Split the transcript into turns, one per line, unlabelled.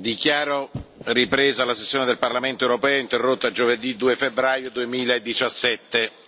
dichiaro ripresa la sessione del parlamento europeo interrotta giovedì due febbraio. duemiladiciassette